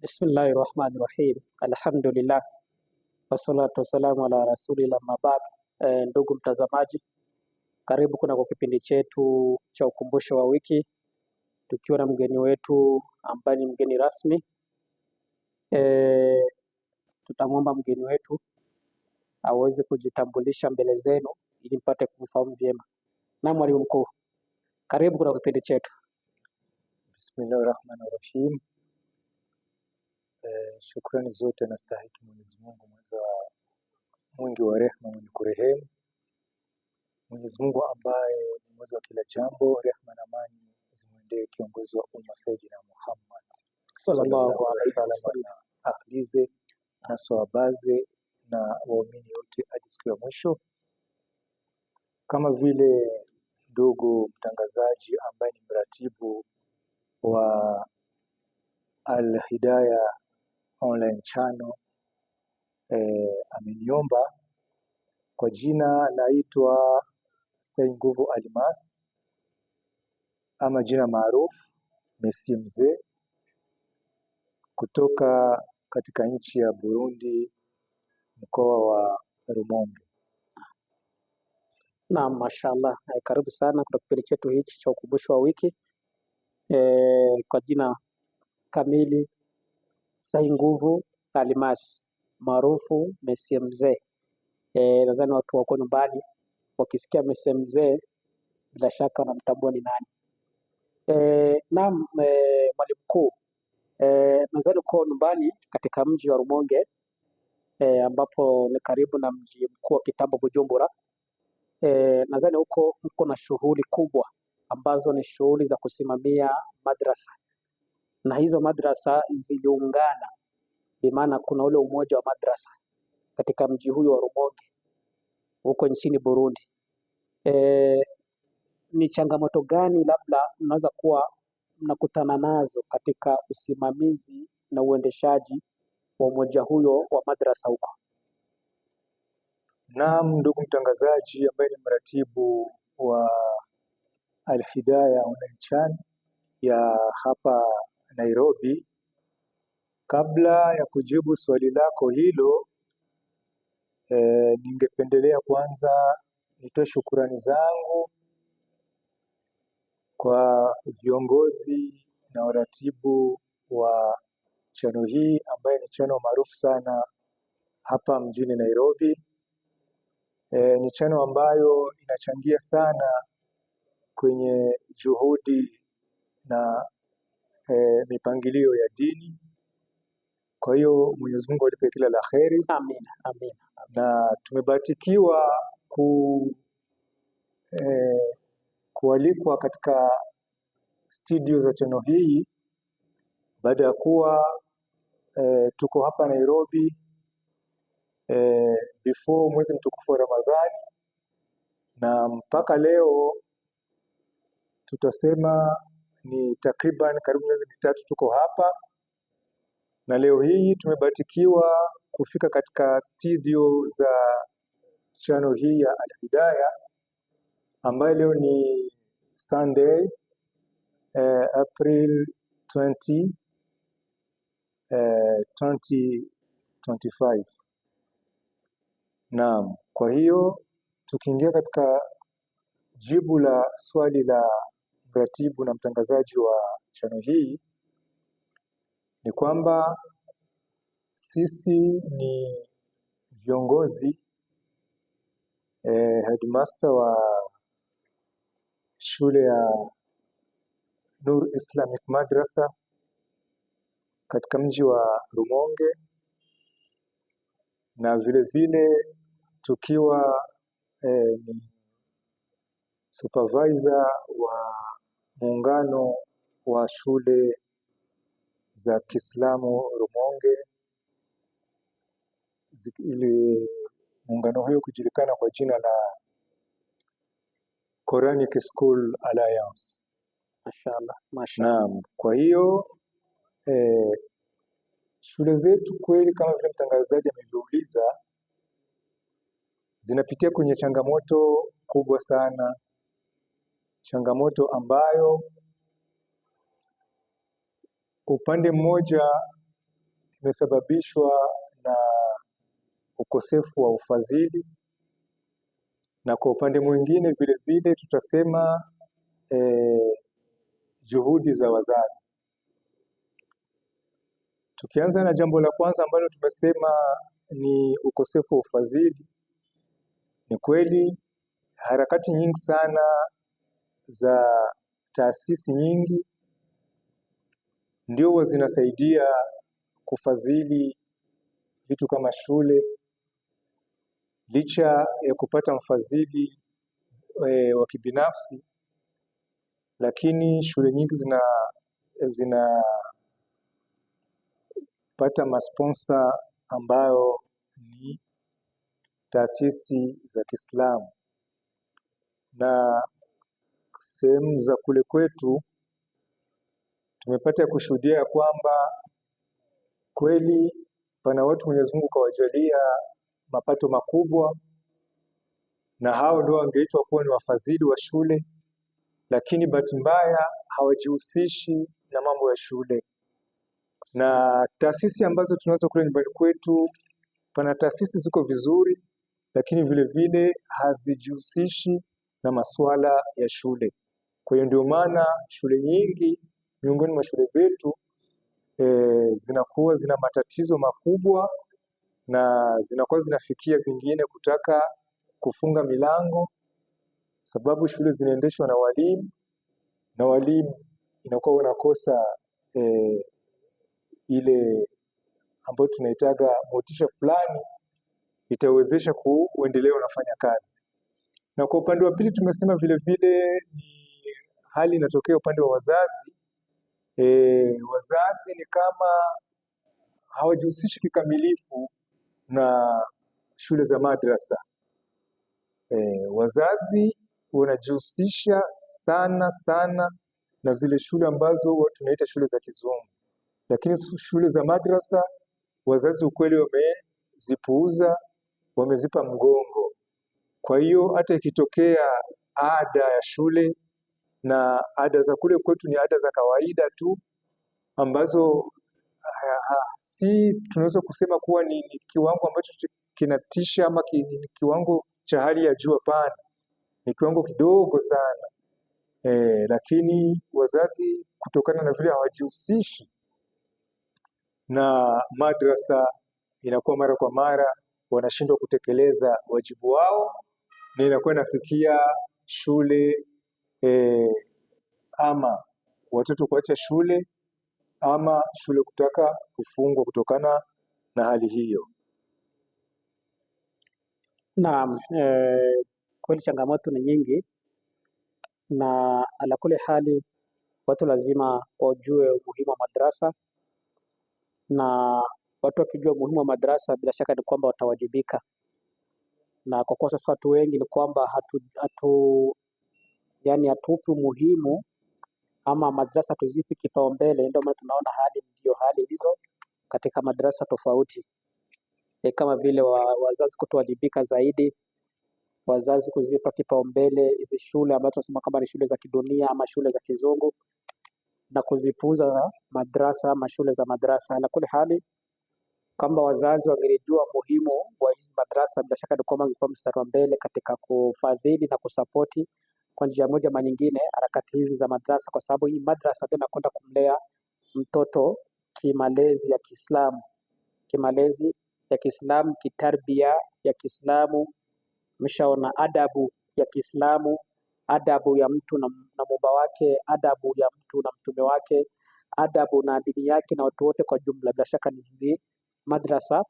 Bismillahi rahmani rahim, alhamdulillah wassalatu wassalamu ala rasulillah, mabad. E, eh, ndugu mtazamaji, karibu kuna kwa kipindi chetu cha ukumbusho wa wiki tukiwa na mgeni wetu ambaye ni mgeni rasmi. E, tutamwomba mgeni wetu aweze kujitambulisha mbele zenu ili mpate kumfahamu vyema. Na mwalimu mkuu, karibu kuna kipindi chetu. Bismillahirrahmanirrahim Eh, shukrani zote nastahiki Mwenyezi Mungu mweza mwingi wa rehma mwenye kurehemu. Mwenyezi Mungu ambaye ni mweza wa kila jambo, rehma na amani zimwendee kiongozi wa umma Sayyidina Muhammad sallallahu alaihi wasallam, na ahlize na swabaze na waumini wote hadi siku ya mwisho. Kama vile ndugu mtangazaji ambaye ni mratibu wa Al-Hidayah online channel eh, ameniomba kwa jina naitwa nguvu Almas ama jina maarufu Messi Mzee kutoka katika nchi ya Burundi mkoa wa Rumonge. Naam, mashallah, eh, karibu sana kwa kipindi chetu hichi cha ukumbusho wa wiki. E, kwa jina kamili Sainguvu Kalimas maarufu Messi Mzee. Eh, nadhani watu wako nyumbani wakisikia Messi Mzee bila shaka wanamtambua ni nani. E, naam e, mwalimu mkuu e, nadhani uko nyumbani katika mji wa Rumonge e, ambapo ni karibu na mji mkuu wa kitambo Bujumbura. E, nadhani huko mko na shughuli kubwa ambazo ni shughuli za kusimamia madrasa na hizo madrasa ziliungana, bi maana kuna ule umoja wa madrasa katika mji huyo wa Rumonge huko nchini Burundi. E, ni changamoto gani labda mnaweza kuwa mnakutana nazo katika usimamizi na uendeshaji wa umoja huyo wa madrasa huko? Naam, ndugu mtangazaji, ambaye ni mratibu wa Alhidaya Online Channel ya hapa Nairobi. Kabla ya kujibu swali lako hilo e, ningependelea kwanza nitoe shukurani zangu kwa viongozi na waratibu wa chano hii ambaye ni chano maarufu sana hapa mjini Nairobi. E, ni chano ambayo inachangia sana kwenye juhudi na e, mipangilio ya dini. Kwa hiyo Mwenyezi Mungu alipe kila la heri Amin, amin, amin. Na tumebahatikiwa ku e, kualikwa katika studio za chano hii baada ya kuwa e, tuko hapa Nairobi e, before mwezi mtukufu wa Ramadhani na mpaka leo tutasema ni takriban karibu miezi mitatu tuko hapa, na leo hii tumebahatikiwa kufika katika studio za channel hii ya Alhidaya ambayo leo ni Sunday eh, April 20, eh, 2025. Naam, kwa hiyo tukiingia katika jibu la swali la mratibu na mtangazaji wa chano hii ni kwamba sisi ni viongozi eh, headmaster wa shule ya Nur Islamic Madrasa katika mji wa Rumonge na vile vile tukiwa eh, ni supervisor wa Muungano wa shule za Kiislamu Rumonge ili muungano huo kujulikana kwa jina la Quranic School Alliance. Mashallah, mashallah. Naam, kwa hiyo eh, shule zetu kweli kama vile mtangazaji amevyouliza zinapitia kwenye changamoto kubwa sana changamoto ambayo upande mmoja imesababishwa na ukosefu wa ufadhili, na kwa upande mwingine vile vile tutasema eh, juhudi za wazazi. Tukianza na jambo la kwanza ambalo tumesema ni ukosefu wa ufadhili, ni kweli harakati nyingi sana za taasisi nyingi ndio zinasaidia kufadhili vitu kama shule, licha ya kupata mfadhili e, wa kibinafsi, lakini shule nyingi zina zinapata masponsa ambayo ni taasisi za Kiislamu na sehemu za kule kwetu tumepata kushuhudia ya kwamba kweli pana watu Mwenyezi Mungu kawajalia mapato makubwa, na hao ndio wangeitwa kuwa ni wafadhili wa shule, lakini bahati mbaya hawajihusishi na mambo ya shule. Na taasisi ambazo tunazo kule nyumbani kwetu, pana taasisi ziko vizuri, lakini vile vile hazijihusishi na masuala ya shule. Kwa hiyo ndio maana shule nyingi miongoni mwa shule zetu e, zinakuwa zina matatizo makubwa na zinakuwa zinafikia zingine kutaka kufunga milango, sababu shule zinaendeshwa na walimu na walimu inakuwa wanakosa e, ile ambayo tunaitaga motisha fulani itawezesha kuendelea unafanya kazi. Na kwa upande wa pili tumesema vile vile ni hali inatokea upande wa wazazi e, wazazi ni kama hawajihusishi kikamilifu na shule za madrasa e, wazazi wanajihusisha sana sana na zile shule ambazo tunaita shule za kizungu, lakini shule za madrasa wazazi ukweli wamezipuuza, wamezipa mgongo. Kwa hiyo hata ikitokea ada ya shule na ada za kule kwetu ni ada za kawaida tu ambazo ha, ha, si tunaweza kusema kuwa ni, ni kiwango ambacho kinatisha ama ki, ni kiwango cha hali ya juu. Hapana, ni kiwango kidogo sana e, lakini wazazi kutokana na vile hawajihusishi na madrasa, inakuwa mara kwa mara wanashindwa kutekeleza wajibu wao na inakuwa inafikia shule eh, ama watoto kuacha shule ama shule kutaka kufungwa kutokana na hali hiyo? Naam, eh, kweli changamoto ni nyingi, na ala kule hali watu lazima wajue umuhimu wa madrasa, na watu wakijua umuhimu wa madrasa, bila shaka ni kwamba watawajibika. Na kwa kuwa sasa watu wengi ni kwamba hatu, hatu yani hatupi umuhimu ama madrasa tuzipi kipaumbele, ndio maana tunaona hali ndio hali hizo katika madrasa tofauti e, kama vile wa, wazazi kutowajibika zaidi, wazazi kuzipa kipaumbele hizi shule ambazo tunasema kama ni shule za kidunia ama shule za kizungu na kuzipuza madrasa ama shule za madrasa. Na kule hali kama wazazi wangelijua muhimu wa hizi madrasa, bila shaka ni kwamba ingekuwa mstari wa mbele katika kufadhili na kusapoti kwa njia moja ama nyingine harakati hizi za madrasa, kwa sababu hii madrasa ndio inakwenda kumlea mtoto kimalezi ya Kiislamu, kimalezi ya Kiislamu, kitarbia ya Kiislamu, mshaona adabu ya Kiislamu, adabu ya mtu na, na Mola wake, adabu ya mtu na mtume wake, adabu na dini yake na watu wote kwa jumla. Bila shaka ni hizi madrasa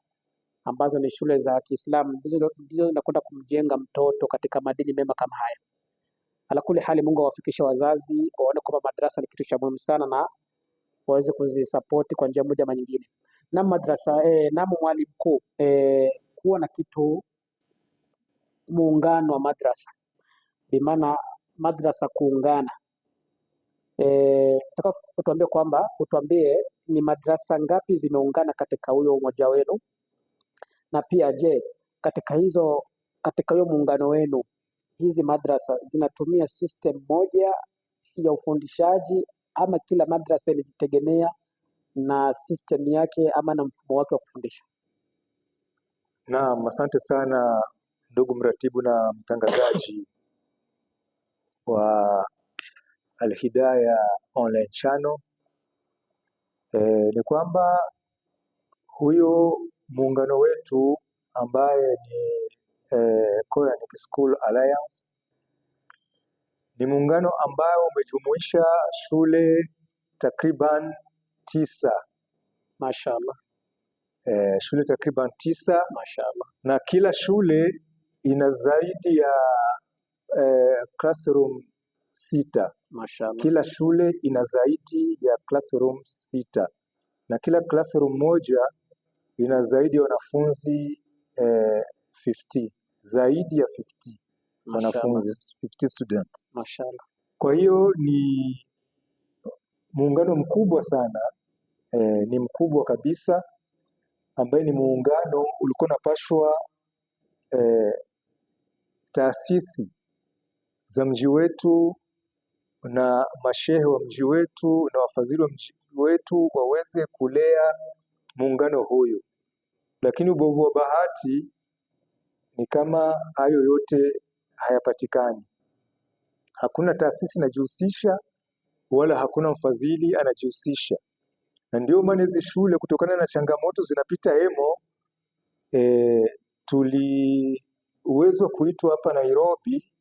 ambazo ni shule za Kiislamu ndizo zinakwenda kumjenga mtoto katika madini mema kama haya. Ala kuli hali, Mungu awafikishe wazazi waone kwamba madrasa ni kitu cha muhimu sana na waweze kuzisapoti kwa njia moja ama nyingine. Na madrasa e, eh, na mwalimu mkuu e, kuwa na kitu muungano wa madrasa, bimaana madrasa kuungana eh, nataka utuambie kwamba utuambie ni madrasa ngapi zimeungana katika huyo umoja wenu, na pia je, katika hizo katika hiyo muungano wenu hizi madrasa zinatumia system moja ya ufundishaji ama kila madrasa inajitegemea na system yake ama na mfumo wake wa kufundisha? Naam, asante sana ndugu mratibu na mtangazaji wa Alhidaya online channel. E, ni kwamba huyo muungano wetu ambaye ni Eh, Koranic School Alliance ni muungano ambao umejumuisha shule takriban tisa mashaallah, eh, shule takriban tisa mashaallah, na kila shule ina zaidi ya eh, classroom sita mashaallah. Kila shule ina zaidi ya classroom sita na kila classroom moja ina zaidi ya wanafunzi eh, 50 zaidi ya 50 wanafunzi 50 students. Mashallah. Kwa hiyo ni muungano mkubwa sana e, ni mkubwa kabisa ambaye ni muungano ulikuwa unapashwa e, taasisi za mji wetu na mashehe wa mji wetu na wafadhili wa mji wetu waweze kulea muungano huyu, lakini ubovu wa bahati ni kama hayo yote hayapatikani. Hakuna taasisi inajihusisha wala hakuna mfadhili anajihusisha, na ndio maana hizi shule kutokana na changamoto zinapita hemo. E, tuliwezwa kuitwa hapa Nairobi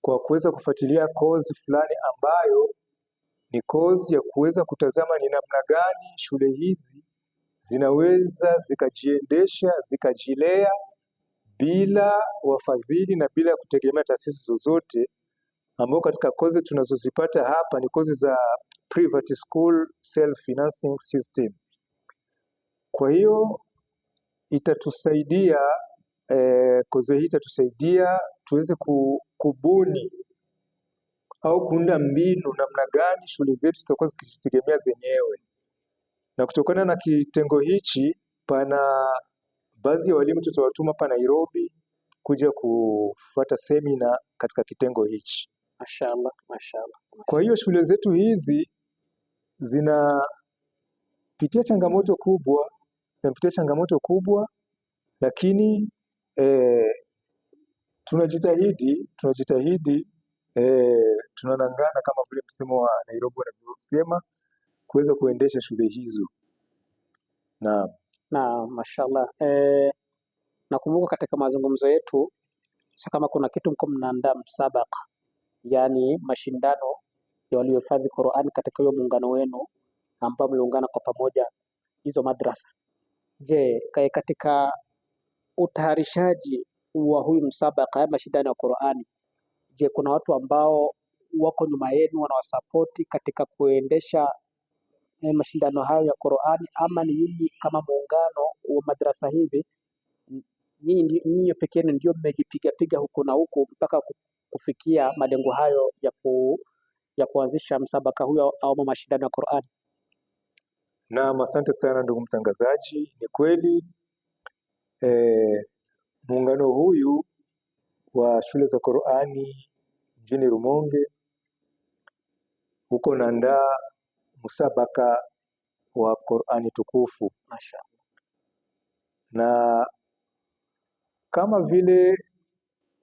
kwa kuweza kufuatilia kozi fulani ambayo ni kozi ya kuweza kutazama ni namna gani shule hizi zinaweza zikajiendesha zikajilea bila wafadhili na bila kutegemea taasisi zozote, ambao katika kozi tunazozipata hapa ni kozi za private school self financing system. Kwa hiyo itatusaidia eh, kozi hii itatusaidia tuweze kubuni au kuunda mbinu namna gani shule zetu zitakuwa zikijitegemea zenyewe, na kutokana na kitengo hichi pana Baadhi ya walimu tutawatuma hapa Nairobi kuja kufuata semina katika kitengo hichi. Mashallah, mashallah. Kwa hiyo shule zetu hizi zinapitia changamoto kubwa, zinapitia changamoto kubwa, lakini e, tunajitahidi tunajitahidi e, eh, tunanangana kama vile msemo wa Nairobi wanavyosema kuweza kuendesha shule hizo. Naam. Na mashallah. Eh, nakumbuka katika mazungumzo yetu sasa, kama kuna kitu mko mnaandaa msabaka, yaani mashindano ya waliohifadhi Qur'an katika hiyo muungano wenu ambao mliungana kwa pamoja hizo madrasa. Je, kae katika utayarishaji wa huyu msabaka ya mashindano ya Qur'an, je, kuna watu ambao wako nyuma yenu wanawasapoti katika kuendesha Eh, mashindano hayo ya Qur'ani ama ni nyinyi kama muungano wa madrasa hizi nyinyi pekee ndio mmejipigapiga huku na huku mpaka kufikia malengo hayo ya, ku, ya kuanzisha msabaka huyo au mashindano ya Qur'ani? Naam, asante sana ndugu mtangazaji. Ni kweli eh, muungano huyu wa shule za Qur'ani mjini Rumonge uko na ndaa musabaka wa Qur'ani tukufu. Mashaallah. Na kama vile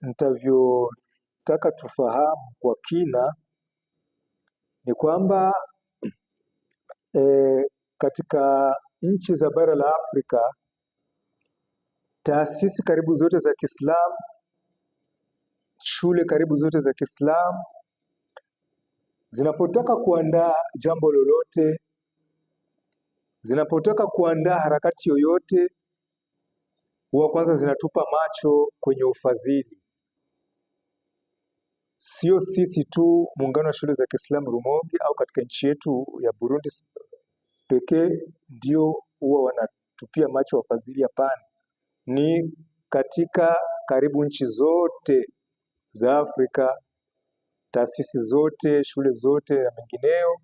nitavyotaka tufahamu kwa kina ni kwamba e, katika nchi za bara la Afrika taasisi karibu zote za Kiislamu, shule karibu zote za Kiislamu zinapotaka kuandaa jambo lolote, zinapotaka kuandaa harakati yoyote, huwa kwanza zinatupa macho kwenye ufadhili. Sio sisi tu, muungano wa shule za Kiislamu Rumonge au katika nchi yetu ya Burundi pekee ndio huwa wanatupia macho wafadhili. Hapana, ni katika karibu nchi zote za Afrika taasisi zote, shule zote na mengineo,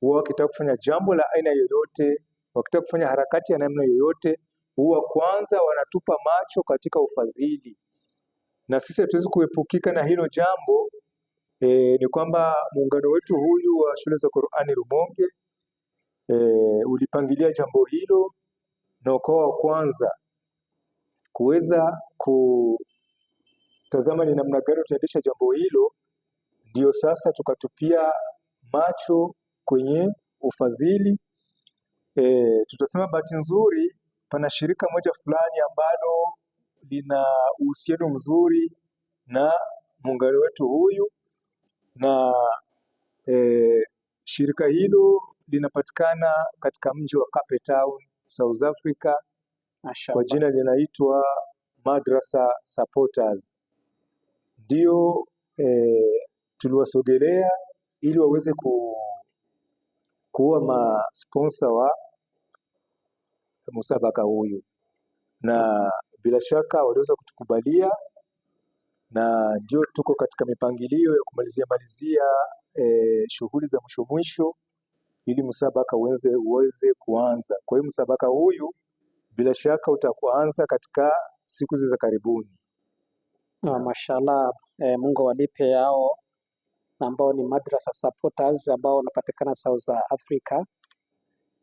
huwa wakitaka kufanya jambo la aina yoyote, wakitaka kufanya harakati ya namna yoyote, huwa kwanza wanatupa macho katika ufadhili, na sisi hatuwezi kuepukika na hilo jambo. E, ni kwamba muungano wetu huyu wa shule za Qur'ani Rumonge e, eh, ulipangilia jambo hilo na ukawa wa kwanza kuweza kutazama ni namna gani utaendesha jambo hilo ndio sasa tukatupia macho kwenye ufadhili e, tutasema bahati nzuri pana shirika moja fulani ambalo lina uhusiano mzuri na muungano wetu huyu na e, shirika hilo linapatikana katika mji wa Cape Town, South Africa. Ashamba. Kwa jina linaitwa Madrasa Supporters. Ndio e, tuliwasogelea ili waweze ku, kuwa mm. masponsa wa msabaka huyu, na bila shaka waliweza kutukubalia, na ndio tuko katika mipangilio ya kumalizia malizia e, shughuli za mwisho mwisho ili msabaka uweze uweze kuanza. Kwa hiyo msabaka huyu bila shaka utakuanza katika siku za karibuni. Na ah, mashallah, e, Mungu awalipe hao ambao ni Madrasa Supporters ambao wanapatikana South Africa.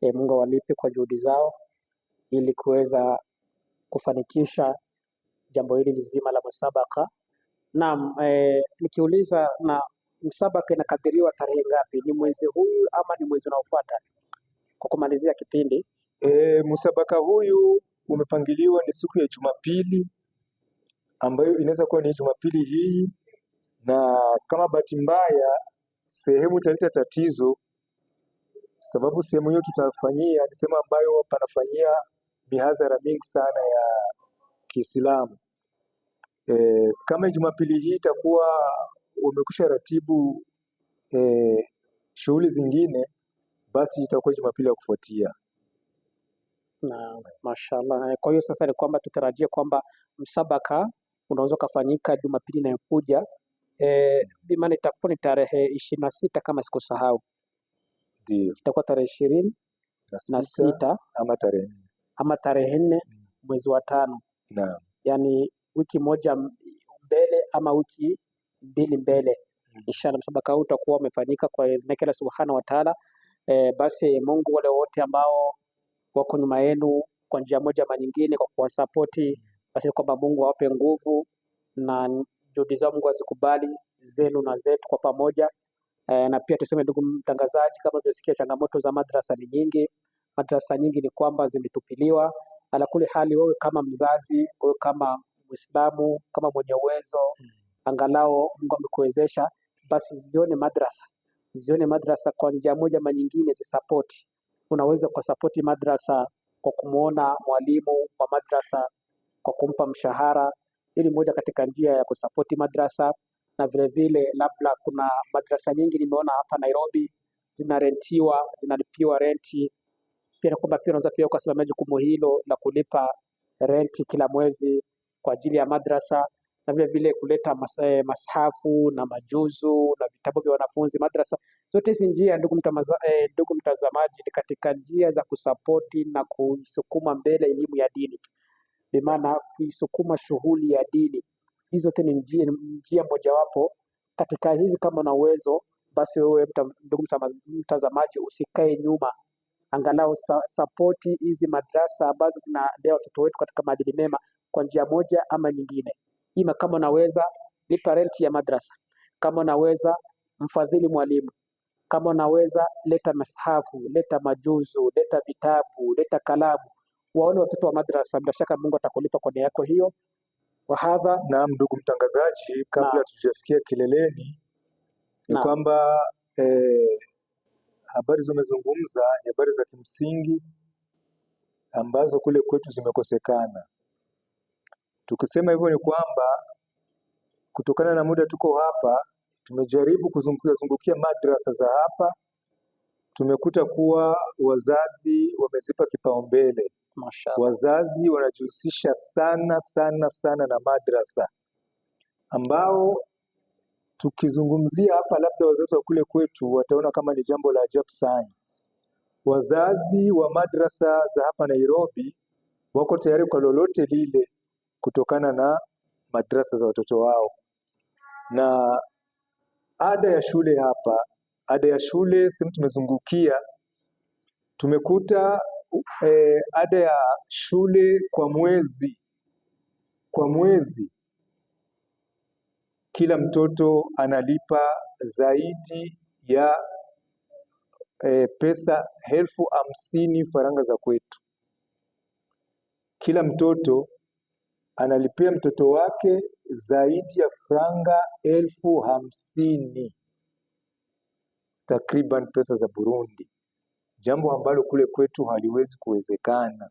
E, Mungu walipe kwa juhudi zao ili kuweza kufanikisha jambo hili lizima la msabaka Naam, e, nikiuliza na msabaka inakadiriwa tarehe ngapi? Ni mwezi huyu ama ni mwezi unaofuata? Kwa kumalizia kipindi e, msabaka huyu umepangiliwa ni siku ya Jumapili ambayo inaweza kuwa ni Jumapili hii na kama bahati mbaya sehemu italeta tatizo, sababu sehemu hiyo tutafanyia ni sehemu ambayo panafanyia mihadhara mingi sana ya Kiislamu. E, kama Jumapili hii itakuwa umekusha ratibu e, shughuli zingine, basi itakuwa Jumapili ya kufuatia. Na mashallah, eh, kwa hiyo sasa ni kwamba tutarajia kwamba msabaka unaweza ukafanyika Jumapili inayokuja E, bima itakuwa ni tarehe ishirini na sita kama sikusahau, ndio itakuwa tarehe ishirini na sita ama tarehe nne ama tarehe nne hmm. mwezi wa tano na. Yani wiki moja mbele ama wiki mbili mbele mm. Inshallah msabaka huu utakuwa umefanyika kwa idhini subhana wa taala. E, basi Mungu wale wote ambao wako nyuma yenu kwa njia moja ama nyingine kwa kuwasapoti, hmm. basi kwamba Mungu awape nguvu na Juhudi zao Mungu azikubali zenu na zetu kwa pamoja. E, na pia tuseme ndugu mtangazaji, kama tunasikia changamoto za madrasa ni nyingi, madrasa nyingi ni kwamba zimetupiliwa. Ala kuli hali, wewe kama mzazi, wewe kama Muislamu, kama mwenye uwezo hmm, angalau Mungu amekuwezesha, basi zione madrasa zione madrasa kwa njia moja ama nyingine zisapoti. Unaweza ukasapoti madrasa kwa kumwona mwalimu wa madrasa kwa kumpa mshahara hii ni moja katika njia ya kusapoti madrasa, na vilevile labda kuna madrasa nyingi nimeona hapa Nairobi zinarentiwa, zinalipiwa renti pia, kwamba pia unaweza pia ukasimamia jukumu hilo la kulipa renti kila mwezi kwa ajili ya madrasa na vile vile kuleta mas, eh, mashafu na majuzu na vitabu vya wanafunzi madrasa. Zote hizi njia, ndugu mtamaza, eh, ndugu mtazamaji, ni katika njia za kusapoti na kusukuma mbele elimu ya dini maana kuisukuma shughuli ya dini. Hizo zote ni njia, njia mojawapo katika hizi. Kama una uwezo basi, wewe ndugu mtazamaji, usikae nyuma, angalau sa, sapoti hizi madrasa ambazo zinalea watoto wetu katika maadili mema kwa njia moja ama nyingine. Ima kama unaweza lipa renti ya madrasa, kama unaweza mfadhili mwalimu, kama unaweza leta masahafu, leta majuzu, leta vitabu, leta kalamu. Waone watoto wa madrasa, bila shaka Mungu atakulipa kodi yako hiyo. Wahadha. Naam, ndugu mtangazaji, kabla tujafikia kileleni ni kwamba eh, habari zimezungumza ni habari za kimsingi ambazo kule kwetu zimekosekana. Tukisema hivyo ni kwamba kutokana na muda tuko hapa, tumejaribu kuzungukia madrasa za hapa, tumekuta kuwa wazazi wamezipa kipaumbele Mashallah. Wazazi wanajihusisha sana sana sana na madrasa ambao tukizungumzia hapa, labda wazazi wa kule kwetu wataona kama ni jambo la ajabu sana. Wazazi wa madrasa za hapa Nairobi wako tayari kwa lolote lile kutokana na madrasa za watoto wao. Na ada ya shule hapa, ada ya shule sehemu tumezungukia, tumekuta eh, ada ya shule kwa mwezi kwa mwezi, kila mtoto analipa zaidi ya e, pesa elfu hamsini faranga za kwetu. Kila mtoto analipia mtoto wake zaidi ya franga elfu hamsini takriban pesa za Burundi jambo ambalo kule kwetu haliwezi kuwezekana.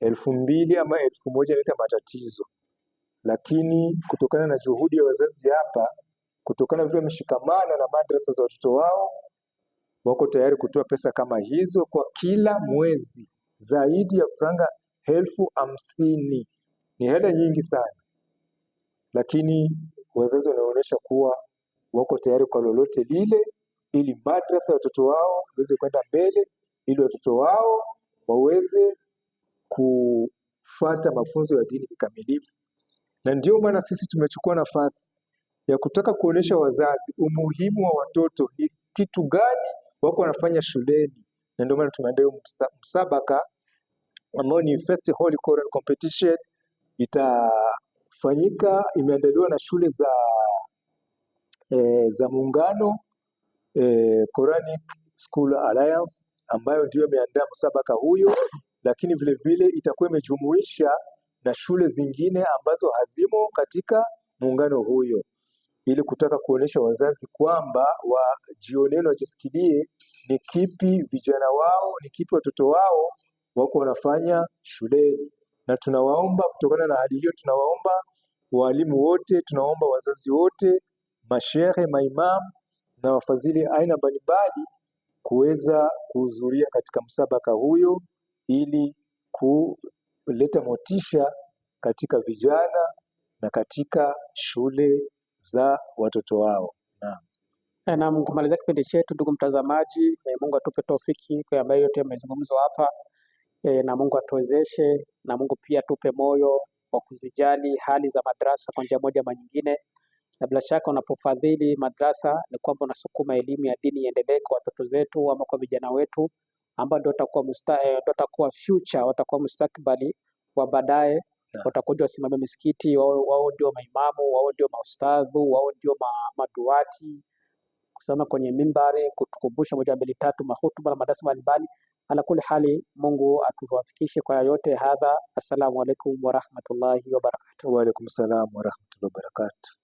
Elfu mbili ama elfu moja inaleta matatizo, lakini kutokana na juhudi ya wazazi hapa, kutokana vile wameshikamana na madrasa za watoto wao, wako tayari kutoa pesa kama hizo kwa kila mwezi, zaidi ya franga elfu hamsini. Ni hela nyingi sana, lakini wazazi wanaonyesha kuwa wako tayari kwa lolote lile ili madrasa ya watoto wao iweze kwenda mbele, ili watoto wao waweze kufata mafunzo ya dini kikamilifu. Na ndio maana sisi tumechukua nafasi ya kutaka kuonesha wazazi umuhimu wa watoto, ni kitu gani wako wanafanya shuleni, na ndio maana tumeandaa msabaka ambao ni First Holy Quran Competition itafanyika, imeandaliwa na shule za, e, za muungano eh, Quranic School Alliance ambayo ndiyo imeandaa msabaka huyo, lakini vilevile itakuwa imejumuisha na shule zingine ambazo hazimo katika muungano huyo, ili kutaka kuonesha wazazi kwamba wajionee na wajisikilie ni kipi vijana wao, ni kipi watoto wao wako wanafanya shuleni. Na tunawaomba kutokana na hali hiyo, tunawaomba walimu wote, tunawaomba wazazi wote, mashehe, maimamu na wafadhili aina mbalimbali kuweza kuhudhuria katika msabaka huyo ili kuleta motisha katika vijana na katika shule za watoto wao. Naam, eh, kumaliza kipindi chetu, ndugu mtazamaji, eh, Mungu atupe tofiki kwa ambayo yote yamezungumzwa hapa e, na Mungu atuwezeshe, na Mungu pia atupe moyo wa kuzijali hali za madrasa kwa njia moja ama nyingine na bila shaka unapofadhili madrasa ni kwamba unasukuma elimu ya dini iendelee kwa watoto zetu ama kwa vijana wetu ambao ndio watakuwa musta, eh, ndio watakuwa future, watakuwa mustakbali wa baadaye yeah. Watakuja wasimame misikiti, wao wao ndio maimamu, wao ndio maustadhu, wao ndio ma, maduati kusema kwenye mimbari, kutukumbusha moja mbili tatu, mahutuba na madrasa mbalimbali. Ala kuli hali, Mungu atuwafikishe kwa yote hadha. Assalamu alaikum warahmatullahi wabarakatuh. Wa alaikum salam warahmatullahi wabarakatuh.